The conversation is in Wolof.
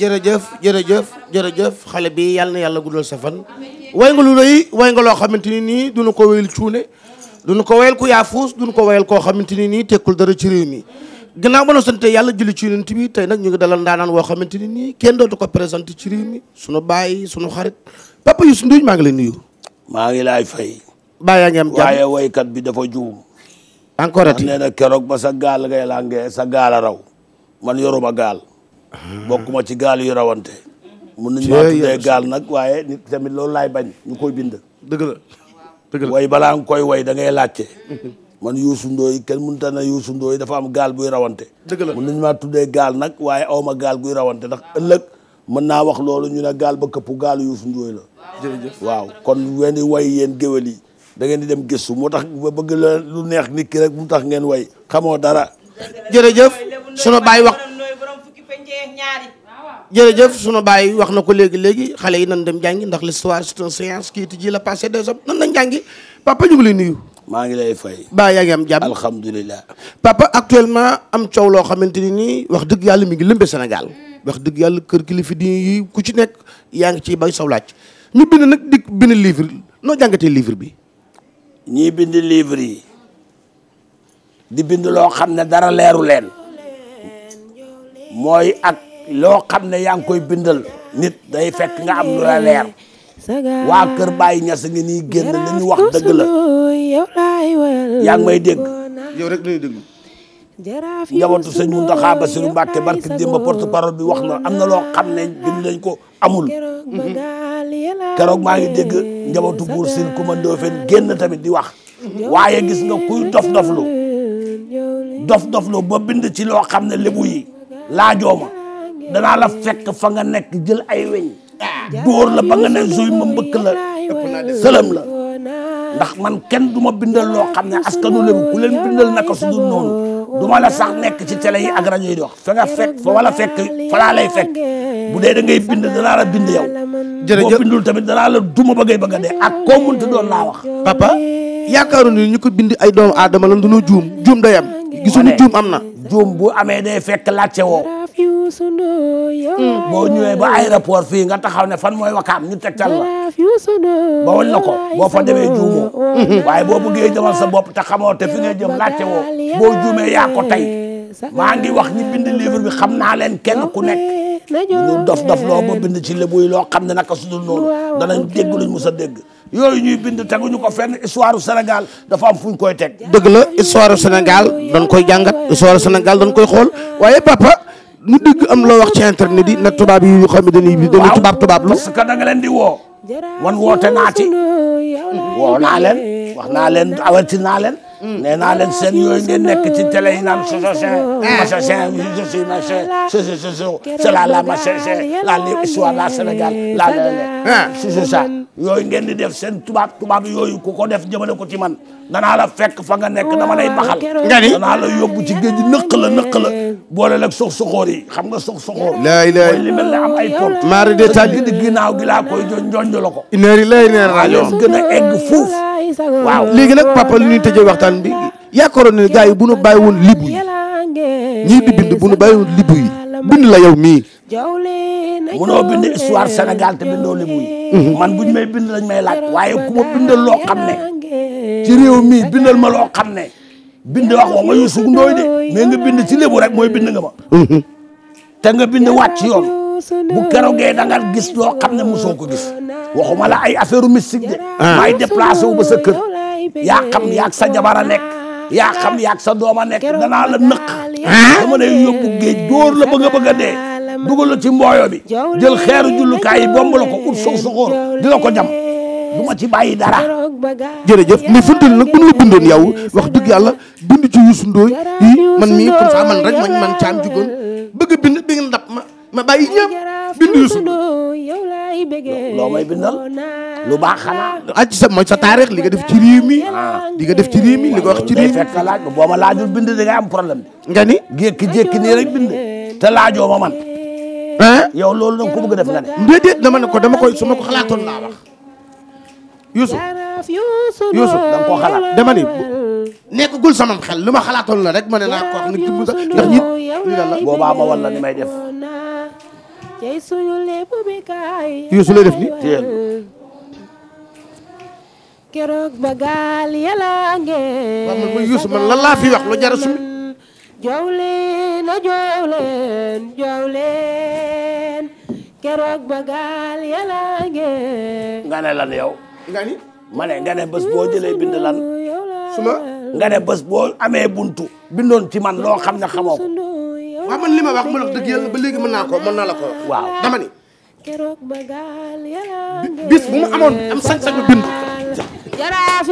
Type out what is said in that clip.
jërëjëf jërëjëf jërëjëf xale bi yàlla na yàlla guddal sa fan way nga lu rëy way nga loo xamante ni nii duñu ko wéyal cuune duñu ko wéyal ku yaa yaafuus duñu ko wéyal koo xamante ni nii tekkul dara ci réew mi gannaaw ba nu sante yàlla julli ci yonent bi tey nag ñu ngi dalal ndaanaan woo xamante ni nii kenn dootu ko présenté ci réew sunu baay sunu xarit papa yu Ndour maa ngi lay nuyu maa ngi laay fay baa yaa ngi waaye waykat bi dafa juum encore ati nee keroog ba sa gaal ngay làngee sa gaal a raw man yoruma gaal bokkuma ci gaal yu rawante. mun nañu maa tuddee gaal nag waaye nit tamit loolu laay bañ ñu koy bind. dëgg la dëgg la way balaa nga koy way da ngay laajte. man Youssou ndooy kenn mënut a ne Youssou Ndoye dafa am gaal buy rawante. dëgg la mun nañu maa tuddee gaal nag waaye aw ma gaal guy rawante ndax ëllëg mën naa wax loolu ñu ne gaal ba këppu gaalu Youssou Ndoye la. jërëjëf waaw kon ngeen di way yéen géwél yi da ngeen di dem gëstu moo tax ba bëgg la lu neex nit ki rek mu tax ngeen way xamoo dara. jërëjëf sunu baay wax. jërëjëf sunu bàyyi wax na ko léegi léegi xale yi nan dem jàngi ndax l'histoire c'est une science kii ji la passé des hommes nan nañ jàngi papa ñu ngi lay nuyu. maa ngi lay fay. baa yaa ngi am jàmm alhamdulilah. papa actuellement am coow loo xamante ni nii wax dëgg yàlla mi ngi lëmbe Sénégal mm. wax dëgg yàlla kër kilifa di ku ci nekk yaa ngi ciy bay saw laaj ñu bind nag dik bind livre noo jàngatee livre bi. ñii bind livre yi di bind loo xam ne dara leeru leen. mooy ak loo xam ne yaa ngi koy bindal nit day fekk nga am lu la leer waa kër Baye Niass ngi nii génn li ñu wax dëgg la yaa ngi may dégg. yow rek dañuy dégg. njabootu sëñ Mountakha Bassirou Mbacké barki démb porte parole bi wax na am na loo xam ne bind nañ ko amul. keroog maa ngi dégg njabootu buur siin ku ma génn tamit di wax. waaye gis nga kuy dof doflu dof doflu ba bind ci loo xam ne lébu yi. laajoo ma danaa la fekk fa nga nekk jël ay weñ dóor la ba nga ne zoy mbëkk la sëlëm la ndax man kenn du ma bindal loo xam ne askanu lebu ku leen bindal naka su dul noonu du ma la sax nekk ci télé yi ak rajo yi di wax fa nga fekk fa wala fekk fa laa lay fekk bu dee da ngay bind danaa la bind yow jërëjëf boo bindul tamit danaa la duma ba ngay bëgg a dee ak koo munti doon laa wax papa yaakaaru ni ñu ko bind ay doomu aadama la dañoo juum juum dayam gisuñu juum am na. juum bu amee day fekk laajte woo. Hmm. boo ñëwee ba aéroport fii nga taxaw ne fan mooy wakaam ñu tegtal la. ba wan la ko boo fa demee juumoo. waaye boo bëggee demal sa bopp te xamoo te fi nga jëm laajte woo. boo juumee yaa ko tey maa ngi wax ñi bind livre bi xam naa leen kenn ku nekk. lu dof dof loo ma bind ci lébu yi loo xam ne naka su dul noonu danañ dégg luñ mës a dégg yooyu ñuy bind ñu ko fenn histoire u Sénégal dafa am fu ñu koy teg dëgg la histoire u Sénégal dañ koy jàngat histoire u Sénégal dañ koy xool waaye papa ñu dégg am loo wax ci internet yi na tubaab yi yu xam ne dañuy dañuy tubaab tubaab lu parce que da leen di woo man woote naati woo naa leen wax naa leen averti naa leen Mm. nee naa leen seen yooyu ngeen nekk ci télé yi naan sosocin masocin je suis machin ceci ceci cela la machin la l'histoire la Sénégal la lale si c'est ça yooyu ngeen di def seen tubaab tubaab yooyu ku ko def jëmale ko ci man danaa la fekk fa nga nekk dama lay baxal oh, nga ni danaa la yóbbu ci géej gi nëq la nëq la boole lag sox soxoor yi xam nga sox soxoor laay laay li mel ne am ay pont maari de tàgg di ginnaaw gi laa koy joñ joñ la ko inaari lay neer gën a egg fuuf waaw léegi nag papa li ñuy tëjee waxtaan alxuraan bi yaakaaroon ne gars yi bu nu bàyyi woon libu yi ñii di bind bu nu bàyyi woon libu yi bind la yow mii. mënoo bind histoire Sénégal te bindoo libu yi. Mhm. man buñ may bind lañ may laaj waaye ku ma bindal loo xam ne ci réew mii bindal ma loo xam ne bind wax wax ma Youssou Ndoye de mais nga bind ci libu rek mooy bind nga ma. Mhm. te nga bind wàcc yoon. bu keroogee da nga gis loo xam ne mosoo ko gis waxuma la ay affaire mystique de. Ah. maay déplacé ba sa yaa xam yaag sa jabar a nekk yaa xam yaag sa doom a nekk danaa la nëq ah, dama lay yóbbu géej dóor la bëgg a bëgg a dee dugal la ci mbooyo bi jël xeeru jullukaay yi bomb la ko ut sox soxoor di la ko jam du ma ci bàyyi dara jërëjëf mais funtal nag bu ñu la bindoon yow wax dëgg yàlla bind ci Youssou Ndoye man mii comme ça man rek man man caam jugoon bëgg bind bi ma bàyyi ñëpp bind Youssou loo may bindal lu baax xanaa. ah ci sa mooy sa taarix li nga def ci réew mi. Ah, def ci réew mi li nga wax ci réew mi. fekk laaj ba boo ma laajul bind da am problème nga ni jékki-jékki nii rek bind. te laajoo ma man. yow loolu nag ko bëgg def nga ne. déedéet dama ne ko dama ko su ma ko xalaatoon laa wax. Youssou Youssou da nga koo xalaat dama ni nekkagul sama xel lu ma xalaatoon la rek ma ne naa ko wax ni ndax ñi lii lan la boobaa ma wala ni may def. Youssou lay def ni keroog ba gaal yàlla ngeen. waaw man man Youssou man lan laa fi wax lu jar a sumi. joow leen a joow leen joow leen keroog ba gaal yàlla ngeen. nga ne lan yow. nga ni ma nga ne bés boo jëlee bind lan. suma nga ne bés boo amee buntu bindoon ci man loo xam ne xamoo waaw man li ma wax ma la dëgg yàlla ba léegi mën naa ko mën naa la ko waaw dama ni bis bu mu amoon am sañ-sañu bind